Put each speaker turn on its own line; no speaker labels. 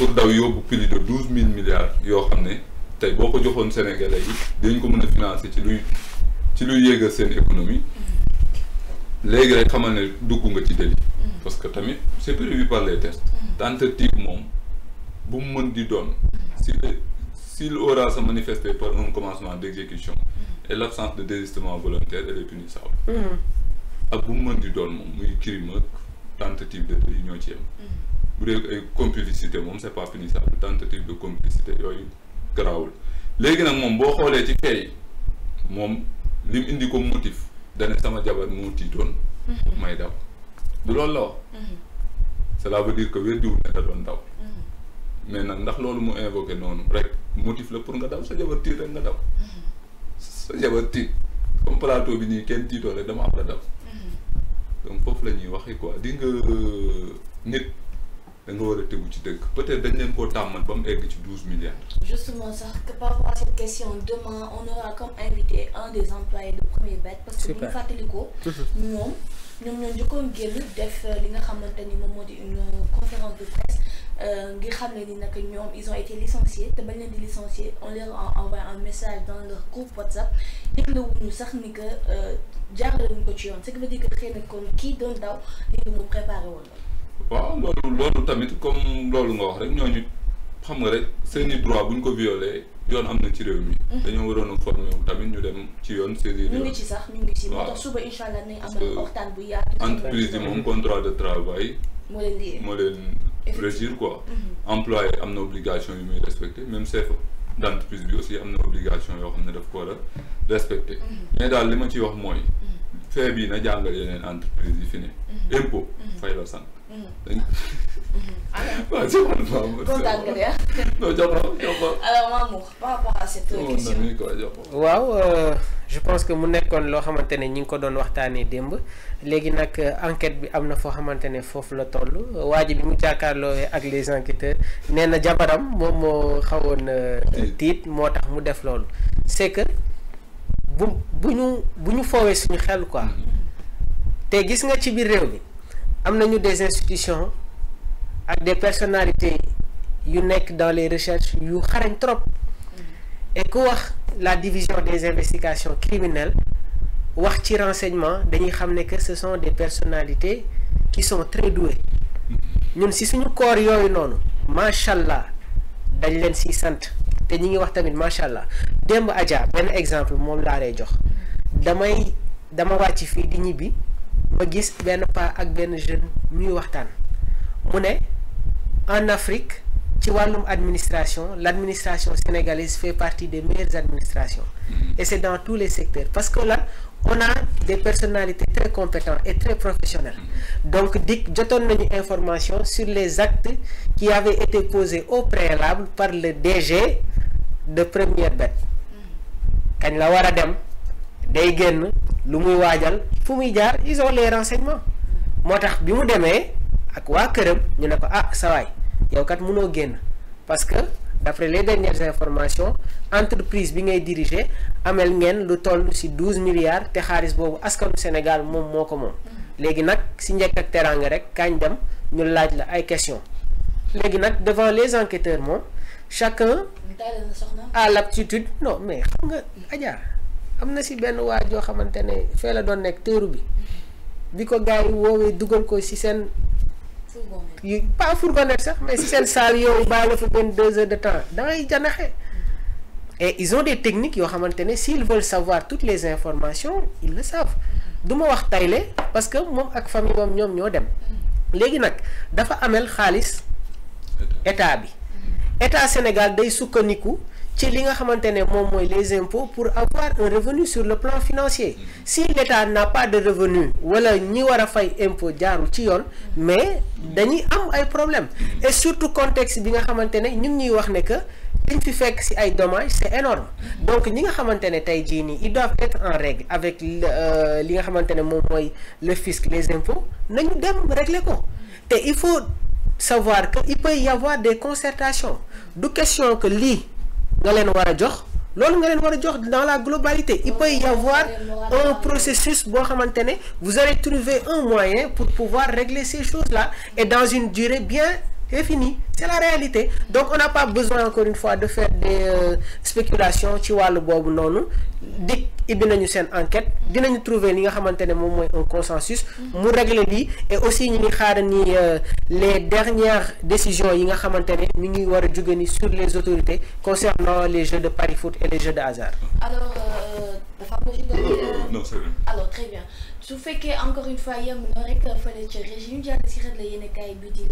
pour daw yóbbu plus de 12 000 milliards yoo xam ne tey boo Sénégalais yi dañ ko a financer ci luy ci luy yéegal seen économie léegi rek xamal ne dugg nga ci parce que tamit c'est prévu par les tests tentative moom bu mu di si s'il aura à se manifester par un commencement d'exécution et l'absence de désistement volontaire elle est punissable mm. ak bu mu mën di doon moom muy crime tentative de délit ci bu dee ay complicité moom c'est pas punissable tentative de complicité yooyu garaawul léegi nag moom boo xoolee ci fay moom li indi ko motif dane sama jabar moo tiitoon mhm. may daw du loolu la wax mhm. cela veut dire que weddiwul ne da doon daw mhm. mais nag ndax loolu mu invoqué noonu rek motif la pour nga daw sa jabar tiit rek nga daw sa jabar tiit comme bi nii kenn tiitoo rek dama am la daw donc foofu la ñuy waxee quoi di nga euh, nit peut-être
justement que par rapport à cette question demain on aura comme invité un des employés de Premier bête parce que nous nous euh, une euh, conférence de presse euh, ils ont été licenciés on leur a envoyé un message dans leur groupe WhatsApp nous que nous ce qui veut dire que nous
waaw loolu loolu tamit comme loolu nga wax rek ñoo ñu xam nga rek seen droit bu ñu ko violé yoon am na ci réew mi. Mhm. dañoo waroon a formé wu tamit ñu dem ci yoon. saisir ñu ngi ci sax ñu ngi ci moo tax suba
incha moom
contrat de travail.
moo leen di ko leen
régir mhm. am na obligation yu muy respecté même chef d' entreprise bi aussi am na obligation yoo xam ne daf ko war a mhm. mais daal li ma ci wax mooy. fee yi na jàngal yeneen entreprise yi fi ne. impôt fay la
waaw si man Mamour. je pense que mu nekkoon loo xamante ne ñi ngi ko doon waxtaanee démb léegi nag euh, enquête bi am na foo xamante ne foofu la toll waa ji bi mu jàkkaarloo ak les enquêteurs nee na jabaram moom moo xawoon euh, tiit moo tax mu def loolu c'est que bu bu ñu bu ñu foowee suñu xel quoi mm-hmm. te gis nga ci biir réew mi. Nous avons des institutions ak des personnalités qui dans les recherches yu xarañ trop et ku la division des investigations criminelles wax ci des dañuy xam que ce sont des personnalités qui sont très douées Nous, si suñu corps non. nous sommes allah dañ leen siy sante te ñi ngi wax tamit machallah allah Adja ben exemple mom la lay jox damay dama wacc fi di ñibi on est en Afrique administration l'administration sénégalaise fait partie des meilleures administrations mm-hmm. et c'est dans tous les secteurs parce que là on a des personnalités très compétentes et très professionnelles mm-hmm. donc je donne nañu information sur les actes qui avaient été posés au préalable par le DG de Première Bête. Quand mm-hmm. la lu muy wadjal fu muy jaar ils ont les renseignements motax bi mu démé ak wa kërëm ñu ne ko ah sawaay yow kat mëno génn parce que d'après les dernières informations entreprise bi ngay diriger amel ngeen lu toll ci 12 milliards té xaaliss bobu askanu Sénégal mom moko mom légui nak si ñek ak teraanga rek kañ dem ñu laaj la ay questions légui nak devant les enquêteurs mom chacun a l'aptitude non mais xam nga ajaar amna ci ben wa jo xamantene xamante ne fee la doon nekk téeru bi bi ko gars yi dugal ko ci sen pas fourgonnette sax mais ci sen salle yow bàyyi la fa benn deux heures de temps da ngay janaxe et ils ont des techniques yo xamantene s'ils veulent savoir toutes les informations ils le savent du wax taylé parce que mom ak famille mom ñom ñoo dem légui nak dafa amel xaalis état bi état Sénégal day sukkandiku ci li nga xamantene mom moy les impôts pour avoir un revenu sur le plan financier si l'État n'a pas de revenu wala ñi wara fay impôt jaarul ci yoon mais dañuy am ay problèmes et surtout contexte bi nga xamantene ne ñu ñuy wax ne que liñ fi fekk ci ay dommages c'est énorme donc ñi nga xamantene ne tey jii nii ils doivent être en règle avec euh, li nga xamantene mom moom mooy le fisc les impôts nañu dem régler ko te il faut savoir que il peut y avoir des concertations du question que lii dans la globalité il peut y avoir un processus vous allez trouver un moyen pour pouvoir régler ces choses là et dans une durée bien est fini. C'est la réalité. Donc, on n'a pas besoin, encore une fois, de faire des euh, spéculations. Tu vois, le bob non, nous. Dès qu'il y a une enquête, nous trouver un consensus, nous régler les et aussi nous ni euh, les dernières décisions sur les autorités concernant les jeux de paris foot et les jeux de hasard. Alors, euh, bien. Euh, alors, très bien. encore une fois il y rek fële ca régime jàll a bi di